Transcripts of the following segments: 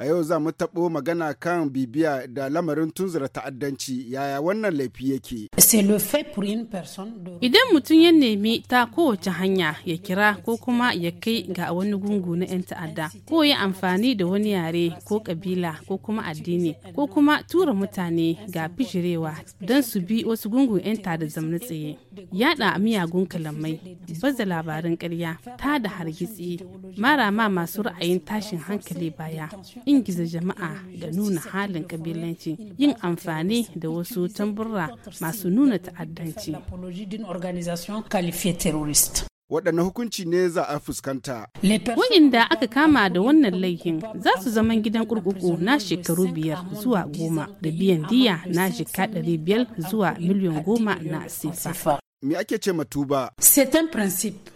A yau za mu taɓo magana kan bibiya da lamarin tunzura ta'addanci yaya wannan laifi yake. Idan mutum ya nemi ta kowace hanya ya kira ko kuma ya kai ga wani gungu na 'yan ta'adda ko ya amfani da wani yare ko kabila ko kuma addini ko kuma tura mutane ga fishirewa don su bi wasu gungun 'yan ta'adda zamani tsaye. Yada miyagun kalamai, baza labarin karya, ta da hargitsi, mara ma masu ra'ayin tashin hankali baya. ingiza jama'a da nuna halin kabilanci yin amfani da wasu tamburra masu nuna ta'addanci waɗanne hukunci ne za a fuskanta. Wa'inda aka kama da wannan laifin za su zaman gidan kurkuku na shekaru biyar zuwa goma da biyan diya na jika ɗari biyar zuwa miliyan goma na sifa. Me ake ce matuba? Setan principe.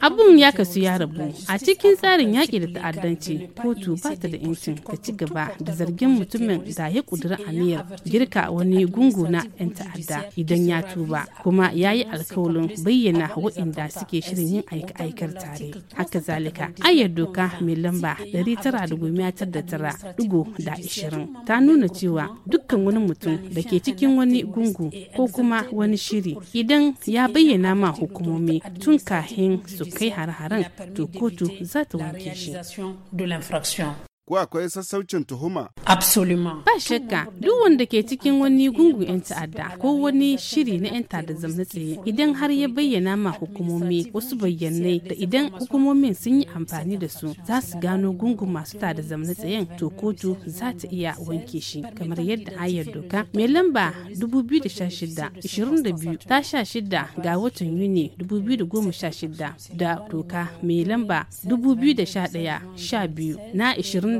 abun ya kasu ya rabu a cikin tsarin yaƙi da ta'addanci kotu ba ta da yancin ta ci gaba da zargin mutumin da ya ƙudura aniyar girka wani gungu na 'yan ta'adda idan ya tuba kuma ya yi alkawalin bayyana waɗanda suke shirin yin aika-aikar tare haka zalika ayar doka mai lamba 999.20 ta nuna cewa dukkan wani mutum da ke cikin wani gungu ko kuma wani shiri idan ya bayyana ma hukumomi tun kahin de l'infraction. ko akwai sassaucin tuhuma? Absolutely. Ba shakka duk wanda ke cikin wani gungun 'yan ta'adda ko wani shiri na 'yan ta'adda zamna tsaye idan har ya bayyana ma hukumomi wasu bayyanai da idan hukumomin sun yi amfani da su za su gano gungun masu ta'adda zamna tsayen to kotu za ta iya wanke shi kamar yadda ayar doka mai lamba 2016 ta sha shida ga watan Yuni 2016 da doka mai lamba 2011 sha biyu na 20